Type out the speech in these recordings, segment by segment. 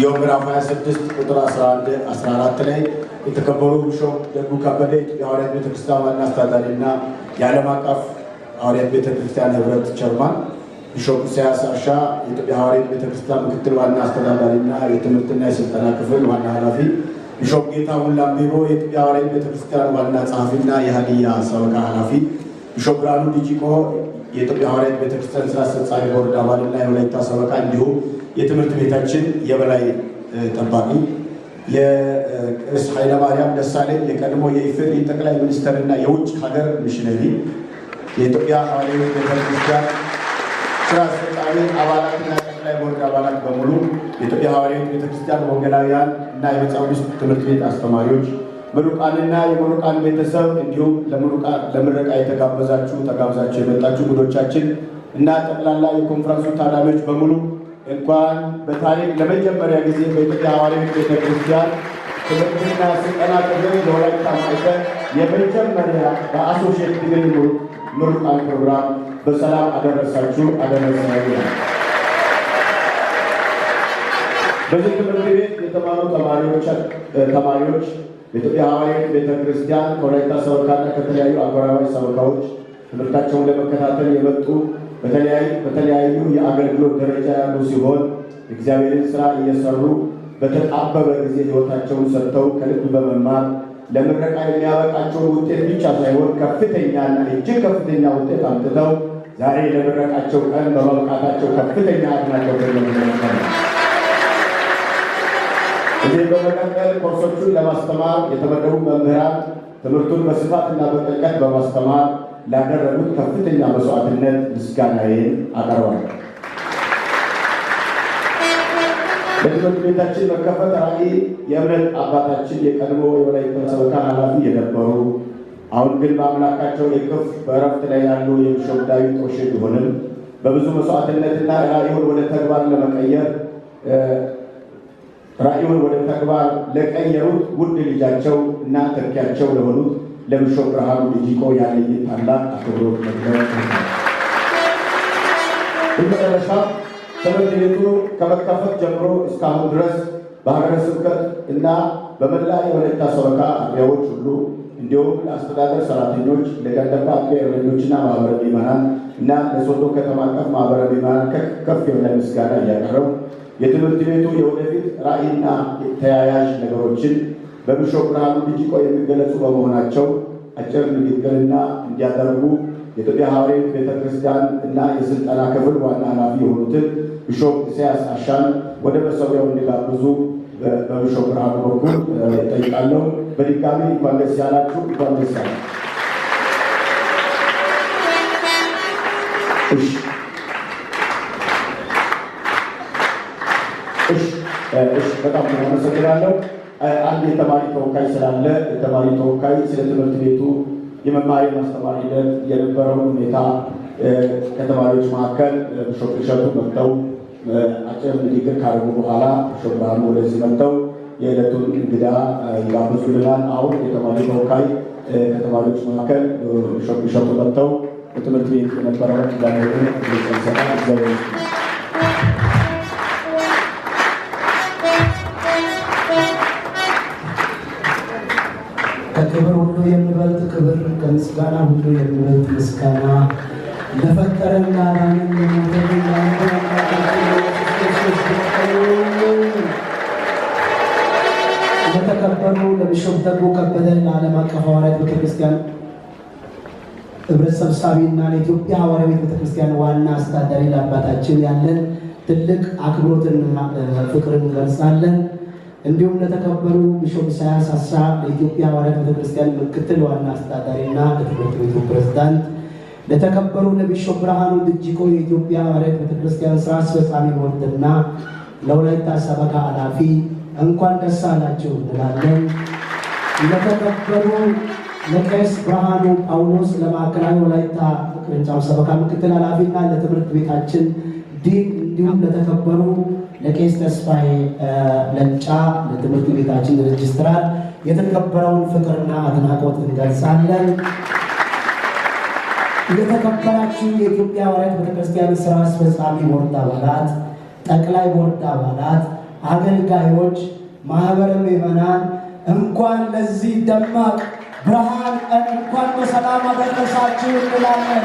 ይኸው ምዕራፍ 26 ቁጥር 14 ላይ የተከበሩ ቢሾፕ ደጉ ከበደ የሐዋርያት ቤተክርስቲያን ዋና አስተዳዳሪ እና የዓለም አቀፍ ሐዋርያት ቤተክርስቲያን ህብረት ቸርማን፣ ቢሾፕ ኢሳያስ አሻ የሐዋርያት ቤተክርስቲያን ምክትል ዋና አስተዳዳሪ እና የትምህርትና የስልጠና ክፍል ዋና ኃላፊ፣ ቢሾፕ ጌታሁን ላምቤቦ የኢትዮጵያ ሐዋርያት ቤተክርስቲያን ዋና ጸሐፊና የሀዲያ ሰበካ ኃላፊ፣ ቢሾፕ ብርሃኑ ዲጂቆ የኢትዮጵያ ሐዋርያት ቤተክርስቲያን ስራ አስፈጻሚ ቦርድ አባልና የወላይታ ሰበካ እንዲሁም የትምህርት ቤታችን የበላይ ጠባቂ የቅስ ኃይለማርያም ደሳለኝ የቀድሞ የኢፌዴሪ ጠቅላይ ሚኒስትርና የውጭ ሀገር ሚሽነሪ የኢትዮጵያ ሐዋርያዊት ቤተክርስቲያን ስራ አስፈጻሚ አባላትና ጠቅላይ ቦርድ አባላት በሙሉ የኢትዮጵያ ሐዋርያዊት ቤተክርስቲያን ወንጌላውያን እና የመጽሐፍ ውስጥ ትምህርት ቤት አስተማሪዎች፣ ምሩቃንና የምሩቃን ቤተሰብ እንዲሁም ለምረቃ የተጋበዛችሁ ተጋብዛችሁ የመጣችሁ እንግዶቻችን እና ጠቅላላ የኮንፈረንሱ ታዳሚዎች በሙሉ እንኳን በታሪክ ለመጀመሪያ ጊዜ በኢትዮጵያ ሐዋርያት ቤተክርስቲያን ትምህርትና ስልጠና ክፍል ለወላይታ ማዕከል የመጀመሪያ በአሶሼት ዲግሪ ምሩቃን ፕሮግራም በሰላም አደረሳችሁ አደረሰናል። በዚህ ትምህርት ቤት የተማሩ ተማሪዎች በኢትዮጵያ ሐዋርያት ቤተ ክርስቲያን ከወላይታ ሰበካና ከተለያዩ አጎራባች ሰበካዎች ትምህርታቸውን ለመከታተል የመጡ በተለያዩ የአገልግሎት ደረጃ ያሉ ሲሆን እግዚአብሔርን ስራ እየሰሩ በተጣበበ ጊዜ ህይወታቸውን ሰጥተው ከልብ በመማር ለምረቃ የሚያበቃቸውን ውጤት ብቻ ሳይሆን ከፍተኛና እጅግ ከፍተኛ ውጤት አምጥተው ዛሬ ለምረቃቸው ቀን በመብቃታቸው ከፍተኛ አድናቸው ለመዘመር እዚህ በመቀጠል ኮርሶቹን ለማስተማር የተመደቡ መምህራን ትምህርቱን በስፋትና በጥልቀት በማስተማር ላደረጉት ከፍተኛ መስዋዕትነት ምስጋናዬን አቀርባለሁ። በትምህርት ቤታችን መከፈት ራዕይ የእምነት አባታችን የቀድሞ የወላይታ ሰበካ ኃላፊ የነበሩ አሁን ግን በአምላካቸው የክፍ በእረፍት ላይ ያሉ የቢሾፕ ዳዊት ቆሼ ቢሆንም በብዙ መስዋዕትነትና ራዕዩን ወደ ተግባር ለመቀየር ራዕዩን ወደ ተግባር ለቀየሩት ውድ ልጃቸው እና ተኪያቸው ለሆኑት ለምሾ ብርሃኑ ልጅኮ ያለኝ ታላቅ አክብሮት መግለጽ በመጨረሻ ትምህርት ቤቱ ከመከፈት ጀምሮ እስካሁን ድረስ በሀገረ ስብከት እና በመላ የወለታ ሰበካ አጥቢያዎች ሁሉ እንዲሁም ለአስተዳደር ሰራተኞች ለገንደባ አጥቢያ እረኞችና ማህበረ ምዕመናን እና ለሶዶ ከተማ አቀፍ ማህበረ ምዕመናን ከፍ የሆነ ምስጋና እያቀረቡ የትምህርት ቤቱ የወደፊት ራዕይና ተያያዥ ነገሮችን በቢሾፕ ብርሃኑ ዲቂቆ የሚገለጹ በመሆናቸው አጭር ንግግርና እንዲያደርጉ የኢትዮጵያ ሐዋርያት ቤተ ክርስቲያን እና የስልጠና ክፍል ዋና ኃላፊ የሆኑትን ቢሾፕ ኢሳያስ አሻን ወደ መሰቢያው እንዲጋብዙ በቢሾፕ ብርሃኑ በኩል እጠይቃለሁ። በድጋሚ እንኳን ደስ ያላችሁ፣ እንኳን ደስ ያላችሁ። እሺ፣ በጣም አመሰግናለሁ። አንድ የተማሪ ተወካይ ስላለ የተማሪ ተወካይ ስለ ትምህርት ቤቱ የመማሪ ማስተማር ሂደት የነበረውን ሁኔታ ከተማሪዎች መካከል ቢሾፕ እሸቱ መጥተው አጭር ንግግር ካደረጉ በኋላ ቢሾፕ ብርሃኑ ወደዚህ መጥተው የዕለቱን እንግዳ ይጋብዙልናል። አሁን የተማሪ ተወካይ ከተማሪዎች መካከል ቢሾፕ እሸቱ መጥተው በትምህርት ቤት የነበረውን ዳሆኑ ሰጠ እግዚአብሔር ከምስጋና ሁሉ የሚበልጥ ምስጋና ለፈጠረን ለዓለምን ለተከበሩ ለቢሾፕ ደግሞ ከበደ ለዓለም አቀፍ ሐዋርያት ቤተክርስቲያን ህብረት ሰብሳቢና ለኢትዮጵያ ቤት ቤተክርስቲያን ዋና አስተዳዳሪ ለአባታችን ያለን ትልቅ አክብሮትን ፍቅርን እንገልጻለን። እንዲሁም ለተከበሩ ቢሾፕ ኢሳያስ አሳ ለኢትዮጵያ ሐዋርያት ቤተክርስቲያን ምክትል ዋና አስተዳዳሪና ለትምህርት ቤቱ ፕሬዝዳንት፣ ለተከበሩ ለቢሾፕ ብርሃኑ ድጅቆ የኢትዮጵያ ሐዋርያት ቤተክርስቲያን ስራ አስፈጻሚ ቦርድና ለወላይታ ሰበካ ኃላፊ እንኳን ደስ አላችሁ እንላለን። ለተከበሩ ለቄስ ብርሃኑ ጳውሎስ ለማዕከላዊ ወላይታ ቅርንጫፍ ሰበካ ምክትል ኃላፊና ለትምህርት ቤታችን ዲን እንዲሁም ለተከበሩ ለቄስ ተስፋዬ ለንጫ ለትምህርት ቤታችን ሬጅስትራል የተከበረውን ፍቅርና አድናቆት እንገልጻለን። የተከበራችሁ የኢትዮጵያ ወረት ቤተክርስቲያን ስራ አስፈጻሚ ቦርድ አባላት፣ ጠቅላይ ቦርድ አባላት፣ አገልጋዮች፣ ማህበረ ምዕመናን እንኳን ለዚህ ደማቅ ብርሃን እንኳን በሰላም አደረሳችሁ እንላለን።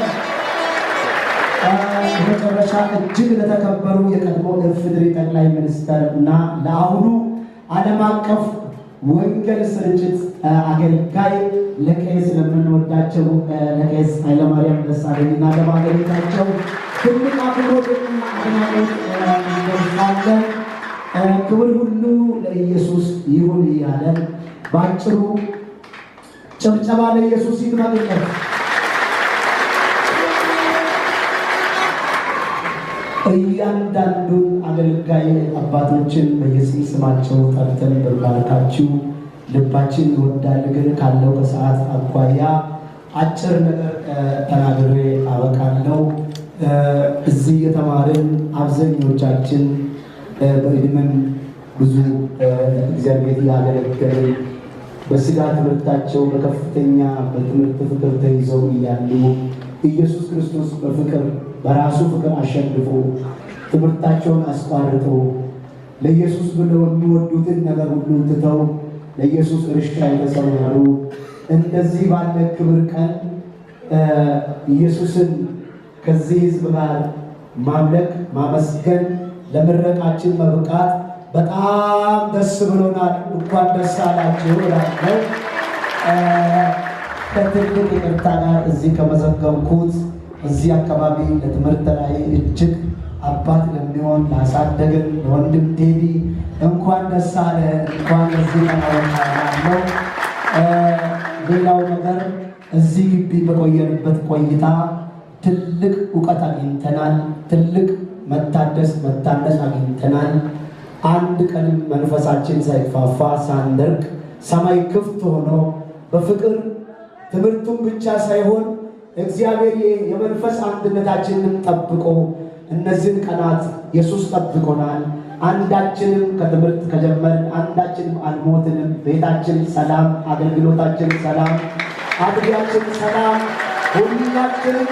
በመጨረሻ እጅግ ለተከበሩ የቀድሞ የኢፌዴሪ ጠቅላይ ሚኒስትር እና ለአሁኑ ዓለም አቀፍ ወንጌል ስርጭት አገልጋይ ለቄስ ለምንወዳቸው ለቄስ ኃይለማርያም ደሳለኝና ለባለቤታቸው ትልቅ አክብሮትና አድናቆት ክብር ሁሉ ለኢየሱስ ይሁን እያለን በአጭሩ ጭብጨባ ለኢየሱስ ይድረግለት። እያንዳንዱን አገልጋይ አባቶችን በየስም ስማቸው ጠርተን በማለታችሁ ልባችን ይወዳል። ግን ካለው ከሰዓት አኳያ አጭር ነገር ተናግሬ አበቃለሁ። እዚህ የተማርን አብዛኞቻችን በእድምን ብዙ እግዚአብሔር ያገለገልን በስጋ ትምህርታቸው በከፍተኛ በትምህርት ፍቅር ተይዘው እያሉ ኢየሱስ ክርስቶስ በፍቅር በራሱ ፍቅር አሸንፎ ትምህርታቸውን አስቋርጦ ለኢየሱስ ብለው የሚወዱትን ነገር ሁሉ ትተው ለኢየሱስ እርሻ የተሰማሩ እንደዚህ ባለ ክብር ቀን ኢየሱስን ከዚህ ሕዝብ ጋር ማምለክ ማመስገን ለምረቃችን መብቃት በጣም ደስ ብሎናል። እንኳን ደስ አላችሁ እላለሁ ከትልቅ ይቅርታ ጋር እዚህ ከመዘገብኩት እዚህ አካባቢ ለትምህርት ላይ እጅግ አባት ለሚሆን ላሳደግን ለወንድም ቴዲ እንኳን ደስ አለ፣ እንኳን እዚህ ተናወቃለው። ሌላው ነገር እዚህ ግቢ በቆየንበት ቆይታ ትልቅ እውቀት አግኝተናል። ትልቅ መታደስ መታደስ አግኝተናል። አንድ ቀንም መንፈሳችን ሳይፋፋ ሳንደርግ ሰማይ ክፍት ሆኖ በፍቅር ትምህርቱን ብቻ ሳይሆን እግዚአብሔር የመንፈስ አንድነታችንን ጠብቆ እነዚህን ቀናት ኢየሱስ ጠብቆናል። አንዳችንም ከትምህርት ከጀመርን አንዳችንም አልሞትንም። ቤታችን ሰላም፣ አገልግሎታችን ሰላም፣ አጥቢያችን ሰላም። ሁላችንም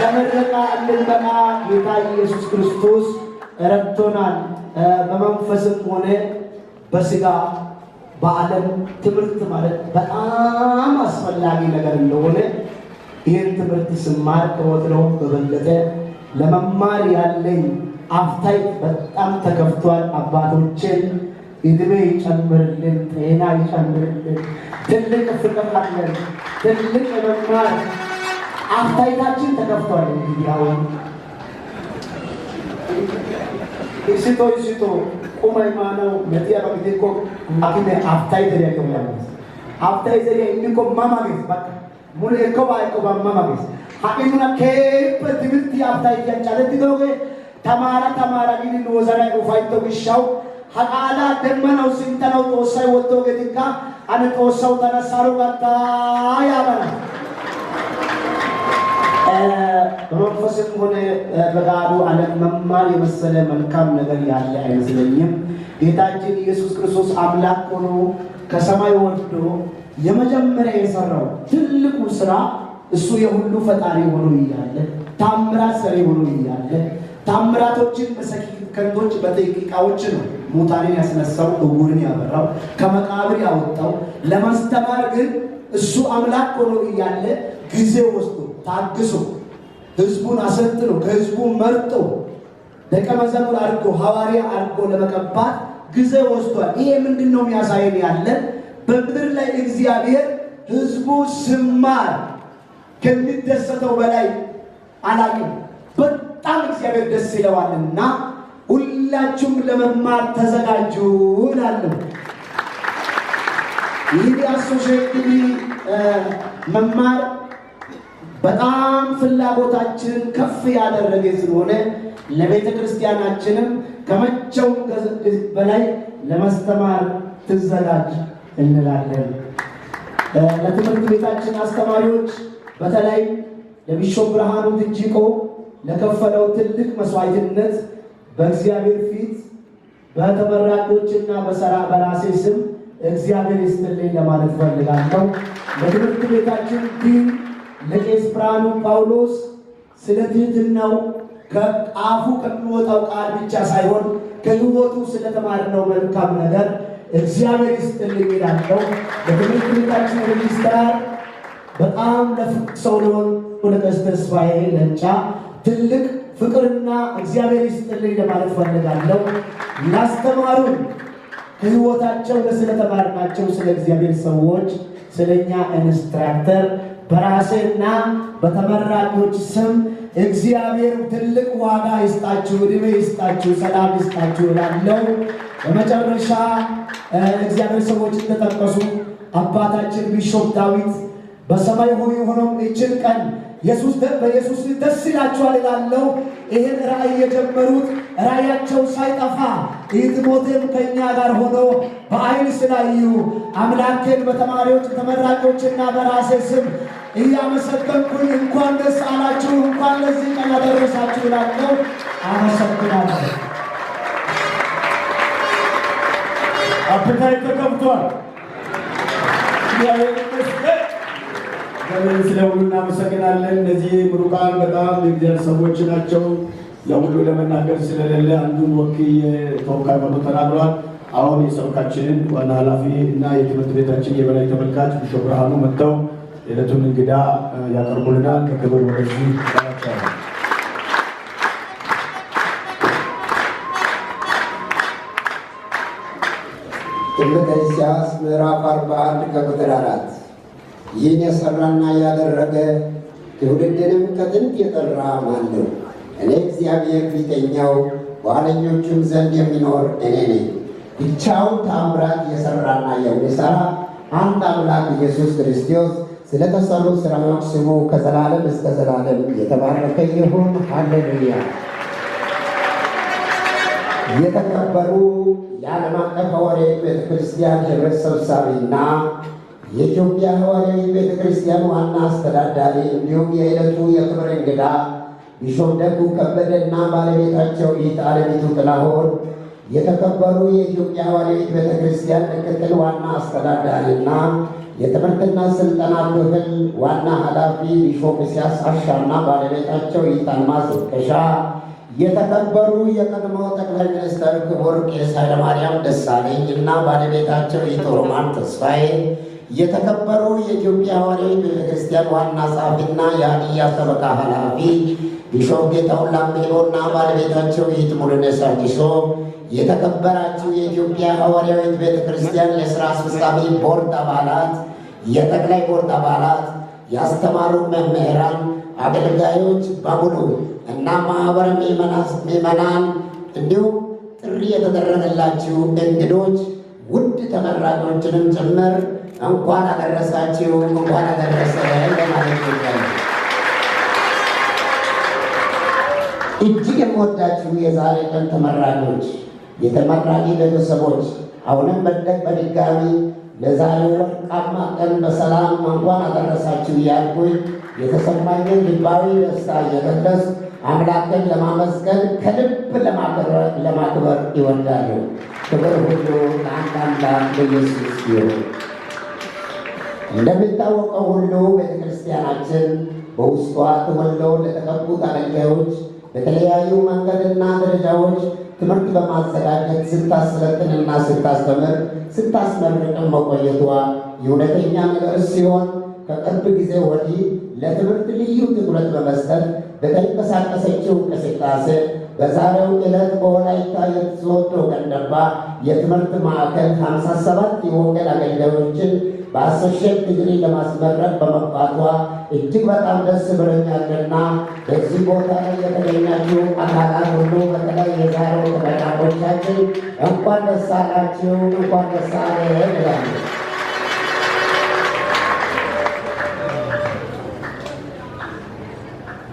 ለምረቃ እንድንበቃ ጌታ ኢየሱስ ክርስቶስ ረድቶናል። በመንፈስም ሆነ በስጋ በዓለም ትምህርት ማለት በጣም አስፈላጊ ነገር እንደሆነ ይህን ትምህርት ስማር ከወትሮውም በበለጠ ለመማር ያለኝ አፍታይ በጣም ተከፍቷል። አባቶችን እድሜ ይጨምርልን፣ ጤና ይጨምርልን። ትልቅ ፍቅር አለን፣ ትልቅ የመማር አፍታይታችን ተከፍቷል። እንግዲህ አሁን እስቶ እስቶ ቁመይ ማነው መጥያ በግዴኮ አኪሜ አፍታይ ዘዴ ያለው አፍታይ ዘሪያ እንዲኮ ማማገዝ በቃ mule ekkobaa ekkobaa mama gees. Ha'i nuna keehippe timirttiya aftaytiyan cadettidoogee tamaara tamaara giidi nu wozanay ufaytto gishshawu ha qaalaa demmanawu sinttanawu Xoossay woddoogeetikka ane Xoossawu tana saro gattaa yaagana. መንፈስም ሆነ በቃሉ ዓለም መማር የመሰለ መልካም ነገር ያለ አይመስለኝም። ጌታችን ኢየሱስ ክርስቶስ አምላክ ሆኖ ከሰማይ ወርዶ የመጀመሪያ የሰራው ትልቁ ስራ እሱ የሁሉ ፈጣሪ ሆኖ እያለ ታምራት ሰሪ ሆኖ እያለ ታምራቶችን በሰከንዶች በደቂቃዎች ነው ሙታንን ያስነሳው፣ ዕውርን ያበራው፣ ከመቃብር ያወጣው። ለማስተማር ግን እሱ አምላክ ሆኖ እያለ ጊዜ ወስዶ ታግሶ ህዝቡን አሰልጥኖ ከህዝቡ መርጦ ደቀ መዛሙር አድርጎ ሐዋርያ አድርጎ ለመቀባት ጊዜ ወስዷል። ይሄ ምንድን ነው የሚያሳየን ያለን በምድር ላይ እግዚአብሔር ህዝቡ ስማር ከሚደሰተው በላይ አላቅም። በጣም እግዚአብሔር ደስ ይለዋልና ሁላችሁም ለመማር ተዘጋጁ እላለሁ። ይህ አሶሼቲቪ መማር በጣም ፍላጎታችንን ከፍ ያደረገ ስለሆነ ለቤተ ክርስቲያናችንም ከመቼውም በላይ ለማስተማር ትዘጋጅ። እንላለን። ለትምህርት ቤታችን አስተማሪዎች በተለይ ለቢሾፕ ብርሃኑ ትጅቆ ለከፈለው ትልቅ መስዋዕትነት በእግዚአብሔር ፊት በተመራቂዎችና በሰራ በራሴ ስም እግዚአብሔር ይስጥልኝ ለማለት ፈልጋለሁ። ለትምህርት ቤታችን ዲን ለቄስ ብርሃኑ ጳውሎስ ስለ ትህትናው ከአፉ ከሚወጣው ቃል ብቻ ሳይሆን ከህይወቱ ስለተማርነው መልካም ነገር እግዚአብሔር ይስጥልኝ እላለሁ። በትምህርት ቤታችን ሬጅስትራር በጣም ለፍቅ ሰው ለሆን ሁለቀስ ተስፋዬ ለንጫ ትልቅ ፍቅርና እግዚአብሔር ይስጥልኝ ለማለት ፈልጋለሁ። ላስተማሩን ህይወታቸው ለስለተማርናቸው ስለ እግዚአብሔር ሰዎች ስለኛ ኢንስትራክተር በራስህና በተመራቂዎች ስም እግዚአብሔር ትልቅ ዋጋ ይስጣችሁ፣ ዕድሜ ይስጣችሁ፣ ሰላም ይስጣችሁ እላለሁ። በመጨረሻ እግዚአብሔር ሰዎች ተጠቀሱ። አባታችን ቢሾፕ ዳዊት በሰማይ ሆይ ሆኖም ይችን ቀን ኢየሱስ በኢየሱስ ደስ ይላቸዋል ይላለው። ይህን ራእይ የጀመሩት ራእያቸው ሳይጠፋ ኢትሞቴም ከእኛ ጋር ሆኖ በአይን ስላዩ አምላኬን በተማሪዎች ተመራቂዎችና በራሴ ስም እያመሰገንኩኝ እንኳን ደስ አላችሁ፣ እንኳን ለዚህ ቀን ያደረሳችሁ ይላለው። አመሰግናለሁ። አፕታይት ተከፍቷል። ለምን ስለሁሉ እናመሰግናለን። እነዚህ ምሩቃን በጣም የእግዚአብሔር ሰዎች ናቸው። ለሁሉ ለመናገር ስለሌለ አንዱን ወክዬ ተወካይ መቶ ተናግሯል። አሁን የሰብካችንን ዋና ኃላፊ እና የትምህርት ቤታችን የበላይ ተመልካች ቢሾ ብርሃኑ መጥተው የዕለቱን እንግዳ ያቀርቡልናል። ከክብር ወደዚህ ይላቸዋል። ትምህርተ ኢሳይያስ ምዕራፍ 41 ከቁጥር 4 ይህን የሰራና ያደረገ ትውልድንም ከጥንት የጠራ ማን ነው? እኔ እግዚአብሔር ፊተኛው በኋለኞቹም ዘንድ የሚኖር እኔ ነኝ። ብቻውን የሰራና የሠራና የሚሠራ አንድ አምላክ ኢየሱስ ክርስቶስ ስለተሰሩ ስራዎች ስሙ ከዘላለም እስከ ዘላለም የተባረከ ይሁን። ሃሌሉያ! የተከበሩ የዓለም አቀፍ ወሬ ቤተክርስቲያን ህብረት ሰብሳቢና የኢትዮጵያ ሐዋርያዊ ቤተ ክርስቲያን ዋና አስተዳዳሪ እንዲሁም የዕለቱ የክብር እንግዳ ቢሾፕ ደጉ ከበደና ባለቤታቸው ይት አለሚቱ ጥላሆን የተከበሩ የኢትዮጵያ ሐዋርያዊት ቤተ ክርስቲያን ምክትል ዋና አስተዳዳሪና የትምህርትና ስልጠና ክፍል ዋና ኃላፊ ቢሾም ሲያስ አሻና ባለቤታቸው ይታልማዝ ወቀሻ፣ የተከበሩ የቀድሞ ጠቅላይ ሚኒስትር ክቡር ቄስ ኃይለማርያም ደሳለኝ እና ባለቤታቸው ይት ሮማን ተስፋዬ የተከበሩ የኢትዮጵያ ሐዋርያዊ ቤተክርስቲያን ዋና ጸሐፊና የሀዲያ ሰበካ ኃላፊ ቢሾፍ ጌታሁን ላምሄሎና ባለቤታቸው ይት ሙሉነሽ አዲሶ፣ የተከበራችሁ የኢትዮጵያ ሐዋርያዊት ቤተክርስቲያን የሥራ አስፈጻሚ ቦርድ አባላት፣ የጠቅላይ ቦርድ አባላት፣ ያስተማሩ መምህራን፣ አገልጋዮች በሙሉ እና ማኅበረ ምዕመናን እንዲሁም ጥሪ የተደረገላችሁ እንግዶች ውድ ተመራቂዎችንም ጭምር እንኳን አደረሳችሁ፣ እንኳን አደረሰ ለማለት እጅግ የምወዳችሁ የዛሬ ቀን ተመራቂዎች፣ የተመራቂ ቤተሰቦች አሁንም በደግ በድጋሚ ለዛሬ ወርቃማ ቀን በሰላም እንኳን አደረሳችሁ እያልኩኝ የተሰማኝን ልባዊ ደስታ እየገለጽ አምላክን ለማመስገን ከልብ ለማክበር ይወዳሉ። ክብር ሁሉ ለአንድ አምላክ ለኢየሱስ ይሁን። እንደሚታወቀው ሁሉ ቤተክርስቲያናችን በውስጧ ተወልደው ለተቀቡ አገልጋዮች በተለያዩ መንገድና ደረጃዎች ትምህርት በማዘጋጀት ስታሰለጥንና ስታስተምር ስታስመርቅም መቆየቷ የእውነተኛ ነገር ሲሆን ከቅርብ ጊዜ ወዲህ ለትምህርት ልዩ ትኩረት በመስጠት በተንቀሳቀሰችው እንቅስቃሴ በዛሬው ዕለት በወላይታ የሶዶ ቀንደባ የትምህርት ማዕከል 57 የወንጌል አገልጋዮችን በአሶሼት ዲግሪ ለማስመረቅ በመግባቷ እጅግ በጣም ደስ ብሎኛልና በዚህ ቦታ ላይ የተገኛችሁ አካላት ሁሉ በተለይ የዛሬው ተመራቂዎቻችን እንኳን ደስ አላችሁ፣ እንኳን ደስ አለን ይላሉ።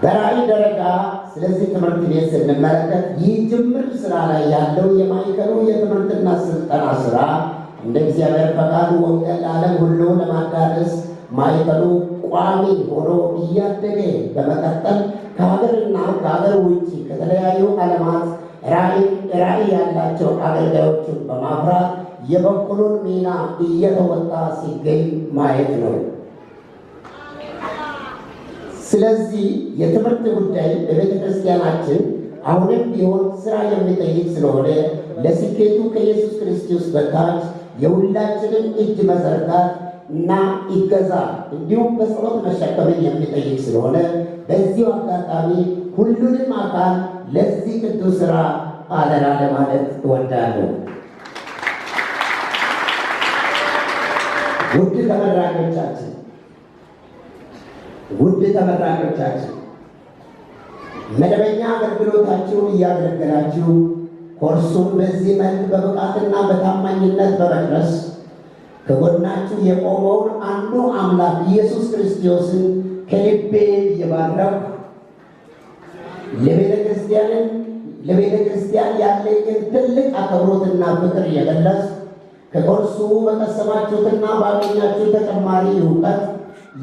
በራዕይ ደረጃ ስለዚህ ትምህርት ቤት ስንመለከት ይህ ጅምር ስራ ላይ ያለው የማዕከሉ የትምህርትና ስልጠና ስራ እንደ እግዚአብሔር ፈቃዱ ወንጌል ለዓለም ሁሉ ለማዳረስ ማዕከሉ ቋሚ ሆኖ እያደገ በመቀጠል ከሀገርና ከሀገር ውጭ ከተለያዩ ዓለማት ራዕይ ያላቸው አገልጋዮችን በማፍራት የበኩሉን ሚና እየተወጣ ሲገኝ ማየት ነው። ስለዚህ የትምህርት ጉዳይ በቤተ ክርስቲያናችን አሁንም ቢሆን ስራ የሚጠይቅ ስለሆነ ለስኬቱ ከኢየሱስ ክርስቶስ በታች የሁላችንም እጅ መዘርጋት እና ይገዛ እንዲሁም በጸሎት መሸከምን የሚጠይቅ ስለሆነ በዚሁ አጋጣሚ ሁሉንም አካል ለዚህ ቅዱስ ሥራ አደራ ለማለት እወዳለሁ። ውድ ተመራቂዎቻችን ውድ ተመራቂዎቻችን መደበኛ አገልግሎታችሁን እያገለገላችሁ ኮርሱም በዚህ መልክ በብቃትና በታማኝነት በመድረስ ከጎናችሁ የቆመውን አንዱ አምላክ ኢየሱስ ክርስቶስን ከልቤ እየባረኩ ለቤተ ክርስቲያንን ለቤተ ክርስቲያን ያለኝን ትልቅ አክብሮትና ፍቅር እየገለጽ ከኮርሱ በቀሰማችሁትና ባገኛችሁ ተጨማሪ እውቀት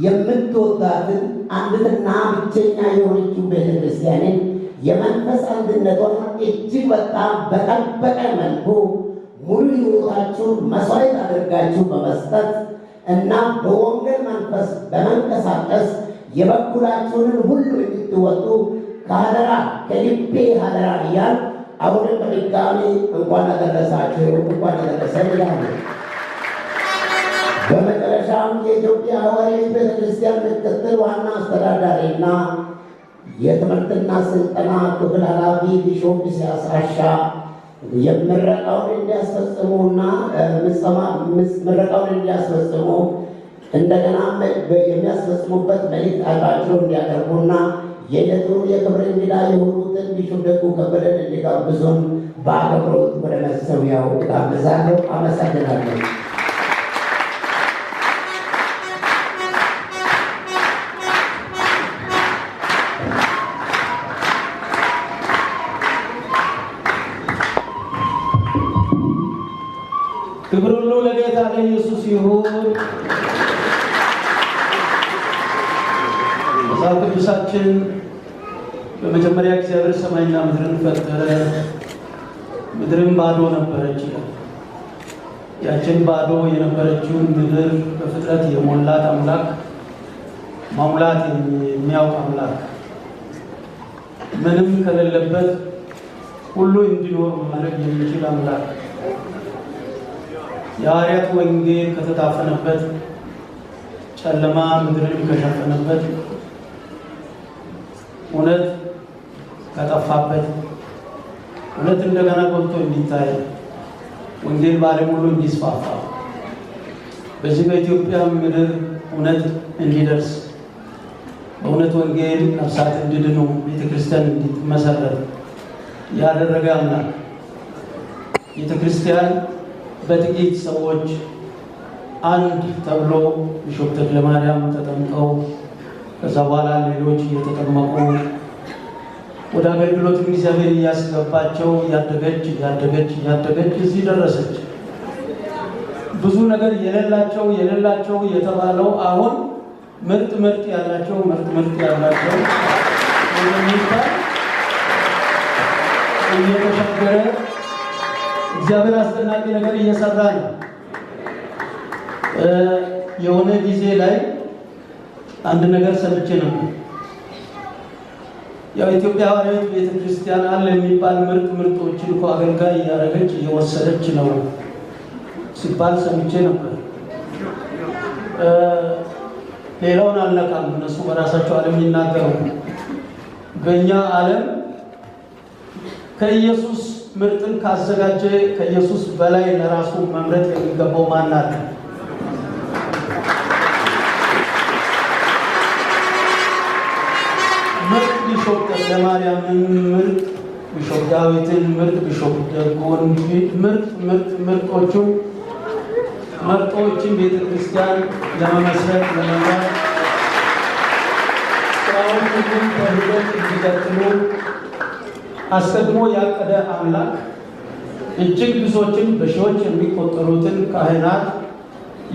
የምትወዳትን አንድትና ብቸኛ የሆነችው ቤተ ክርስቲያንን የመንፈስ አንድነቷ እጅግ በጣም በጠበቀ መልኩ ሙሉ ሕይወታችሁን መስዋዕት አድርጋችሁ በመስጠት እና በወንጌል መንፈስ በመንቀሳቀስ የበኩላችሁንን ሁሉ እንድትወጡ ከሀደራ ከልቤ ሀደራ እያል አሁንም በድጋሚ እንኳን አደረሳችሁ እንኳን አደረሰ ይላሉ። በመጨረሻም የኢትዮጵያ ሐዋርያዊት ቤተክርስቲያን ምክትል ዋና አስተዳዳሪና የትምህርትና ስልጠና ክፍል ኃላፊ ቢሾም ሲያሳሻ የምረቃውን እንዲያስፈጽሙ እንዲያስፈጽሙና ምረቃውን እንዲያስፈጽሙ እንደገና የሚያስፈጽሙበት መልዕክት አድራቸው እንዲያቀርቡና የዕለቱን የክብር እንግዳ የሆኑትን ቢሾም ደጉ ከበደን እንዲጋብዙን በአክብሮት ወደ መሰዊያው ጋብዛለሁ። አመሰግናለሁ። ይሁን። መጽሐፍ ቅዱሳችን በመጀመሪያ እግዚአብሔር ሰማይና ምድርን ፈጠረ፣ ምድርን ባዶ ነበረች። ያችን ባዶ የነበረችውን ምድር በፍጥረት የሞላት አምላክ መሙላት የሚያውቅ አምላክ ምንም ከሌለበት ሁሉ እንዲኖር ማድረግ የሚችል አምላክ የሐዋርያት ወንጌል ከተታፈነበት ጨለማ ምድርን ከሸፈነበት እውነት ከጠፋበት እውነት እንደገና ጎልቶ እንዲታይ ወንጌል በዓለም ሁሉ እንዲስፋፋ በዚህ በኢትዮጵያ ምድር እውነት እንዲደርስ በእውነት ወንጌል ነፍሳት እንዲድኑ ቤተክርስቲያን እንዲመሰረት ያደረገ አምላክ ቤተክርስቲያን በጥቂት ሰዎች አንድ ተብሎ ቢሾፕ ተክለ ማርያም ተጠምቀው ከዛ በኋላ ሌሎች እየተጠመቁ ወደ አገልግሎት እግዚአብሔር እያስገባቸው እያደገች እያደገች እያደገች እዚህ ደረሰች። ብዙ ነገር የሌላቸው የሌላቸው የተባለው አሁን ምርጥ ምርጥ ያላቸው ምርጥ ምርጥ ያላቸው የሚባል እየተሻገረ እግዚአብሔር አስደናቂ ነገር እየሰራ ነው። የሆነ ጊዜ ላይ አንድ ነገር ሰምቼ ነበር። ያው ኢትዮጵያ ሐዋርያት ቤተክርስቲያን አለ የሚባል ምርጥ ምርጦችን እኮ አገልጋይ እያደረገች እየወሰደች ነው ሲባል ሰምቼ ነበር። ሌላውን አልነካም፣ እነሱ በራሳቸው ዓለም ይናገሩ። በእኛ ዓለም ከኢየሱስ ምርጥን ካዘጋጀ ከኢየሱስ በላይ ለራሱ መምረጥ የሚገባው ማን አለ? ምርጥ ቢሾፕ ማርያምን ምርጥ ቢሾፕ ዳዊትን፣ ምርጥ ቢሾፕ ደጎን፣ ምርጥ ምርጥ ምርጦቹን መርጦዎችን ቤተ ክርስቲያን ለመመስረት ለመምራት ስራውን ሁሉም በሂደት እንዲቀጥሉ አስቀድሞ ያቀደ አምላክ እጅግ ብዙዎችን በሺዎች የሚቆጠሩትን ካህናት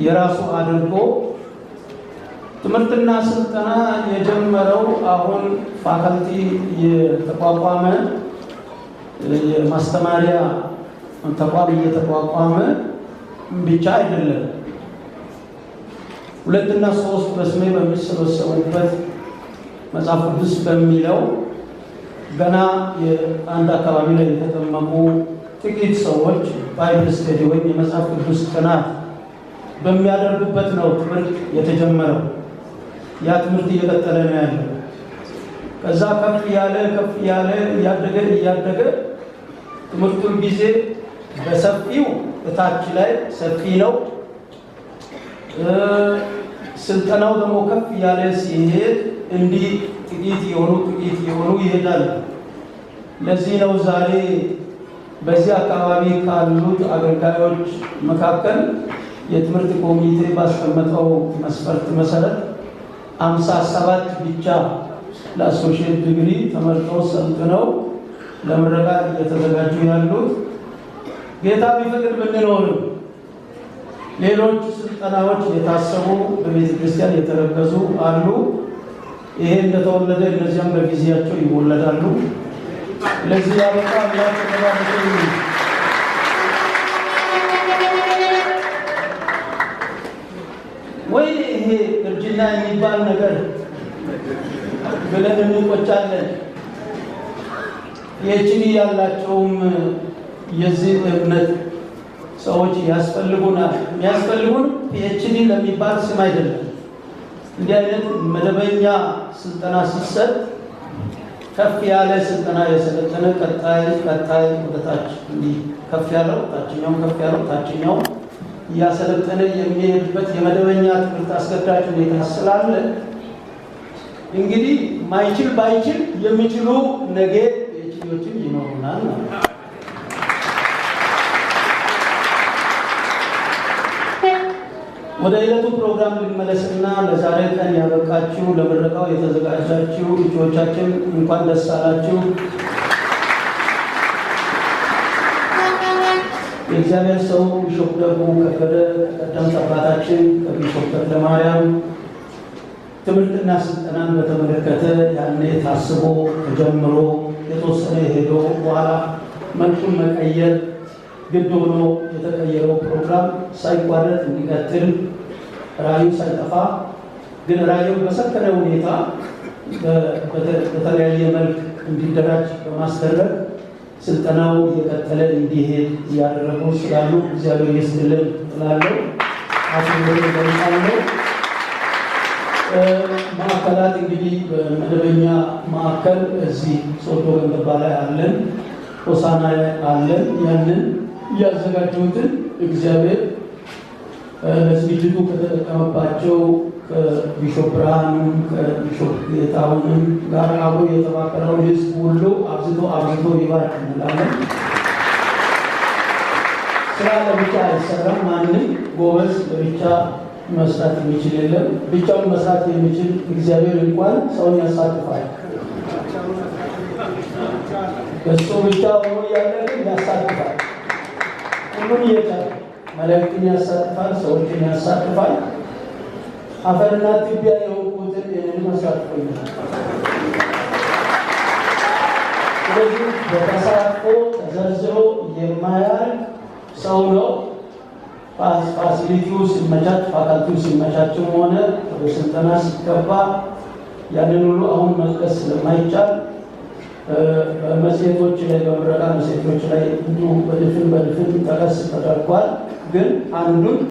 የራሱ አድርጎ ትምህርትና ስልጠና የጀመረው አሁን ፋካልቲ የተቋቋመ የማስተማሪያ ተቋም እየተቋቋመ ብቻ አይደለም። ሁለትና ሶስት በስሜ በሚሰበሰቡበት መጽሐፍ ቅዱስ በሚለው ገና የአንድ አካባቢ ላይ የተጠመቁ ጥቂት ሰዎች ባይብል ስተዲ ወይም የመጽሐፍ ቅዱስ ጥናት በሚያደርጉበት ነው ትምህርት የተጀመረው። ያ ትምህርት እየቀጠለ ነው ያለ ከዛ ከፍ ያለ ከፍ ያለ እያደገ እያደገ ትምህርቱን ጊዜ በሰፊው እታች ላይ ሰፊ ነው። ስልጠናው ደግሞ ከፍ ያለ ሲሄድ እንዲህ ጥቂት የሆኑ ጥቂት የሆኑ ይሄዳሉ። ለዚህ ነው ዛሬ በዚህ አካባቢ ካሉት አገልጋዮች መካከል የትምህርት ኮሚቴ ባስቀመጠው መስፈርት መሰረት አምሳ ሰባት ብቻ ለአሶሺየት ዲግሪ ተመርጠው ሰልጥነው ለምረቃ እየተዘጋጁ ያሉት ጌታ ቢፈቅድ ብንኖር ሌሎች ስልጠናዎች የታሰቡ በቤተ ክርስቲያን የተረገዙ አሉ። ይሄ እንደተወለደ እነዚያም በጊዜያቸው ይወለዳሉ። ለዚህ ያበቃ አምላክ ተባረከ። ወይ ይሄ እርጅና የሚባል ነገር ብለን እንቆጫለን። የችኒ ያላቸውም የዚህ እምነት ሰዎች ያስፈልጉናል። የሚያስፈልጉን የችኒ ለሚባል ስም አይደለም እንዲህ አይነት መደበኛ ስልጠና ሲሰጥ ከፍ ያለ ስልጠና የሰለጠነ ቀጣይ ቀጣይ ወደታች ከፍ ያለው ታችኛውም ከፍ ያለው ታችኛው እያሰለጠነ የሚሄድበት የመደበኛ ትምህርት አስገዳጅ ሁኔታ ስላለ እንግዲህ ማይችል ባይችል የሚችሉ ነገ የችሎችን ይኖሩናል። ወደ ዕለቱ ፕሮግራም ልንመለስና ለዛሬ ቀን ያበቃችሁ ለምረቃው የተዘጋጃችሁ ልጆቻችን እንኳን ደስ አላችሁ። የእግዚአብሔር ሰው ቢሾፕ ደጉ ከበደ ቀደምት አባታችን ከቢሾፕ ማርያም ትምህርትና ስልጠናን በተመለከተ ያኔ ታስቦ ተጀምሮ የተወሰነ ሄዶ በኋላ መልኩን መቀየር ግድ ሆኖ የተቀየረው ፕሮግራም ሳይቋረጥ እንዲቀጥል ራዩ ሳይጠፋ ግን ራዩ በሰከነ ሁኔታ በተለያየ መልክ እንዲደራጅ በማስደረግ ስልጠናው እየቀጠለ እንዲሄድ እያደረጉ ስላሉ እግዚአብሔር ይስጥልን እላለሁ። አለው ማዕከላት እንግዲህ በመደበኛ ማዕከል እዚህ ሶዶ ገንደባ ላይ አለን፣ ሆሳና አለን። ያንን እያዘጋጀሁትን እግዚአብሔር ለዝግጅቱ ከተጠቀመባቸው ከቢሾፕ ብርሃንም ከቢሾፕ ጌታሁንም ጋር አብሮ የተባቀረው ህዝብ ሁሉ አብዝቶ አብዝቶ ይባርክ እንላለን። ስራ ለብቻ አይሰራም። ማንም ጎበዝ ለብቻ መስራት የሚችል የለም። ብቻውን መስራት የሚችል እግዚአብሔር እንኳን ሰውን ያሳትፋል። እሱ ብቻ ሆኖ እያለ ያሳትፋል። ሁሉም ይርዳል። መልእክትን ያሳትፋል፣ ሰዎችን ያሳትፋል። አፈርና ትቢያ የወቁትን ይህንን አሳትፎኛል። ስለዚህ በተሳትፎ ተዘርዝሮ የማያልቅ ሰው ነው። ፋሲሊቲው ሲመቻች፣ ፋካልቲው ሲመቻችም ሆነ ወደ ስልጠና ሲገባ ያንን ሁሉ አሁን መጥቀስ ስለማይቻል መጽሔቶች ላይ በምረቃ መጽሔቶች ላይ እንዲሁ በድፍን በድፍን ጠቀስ ተደርጓል። ግን አንዱን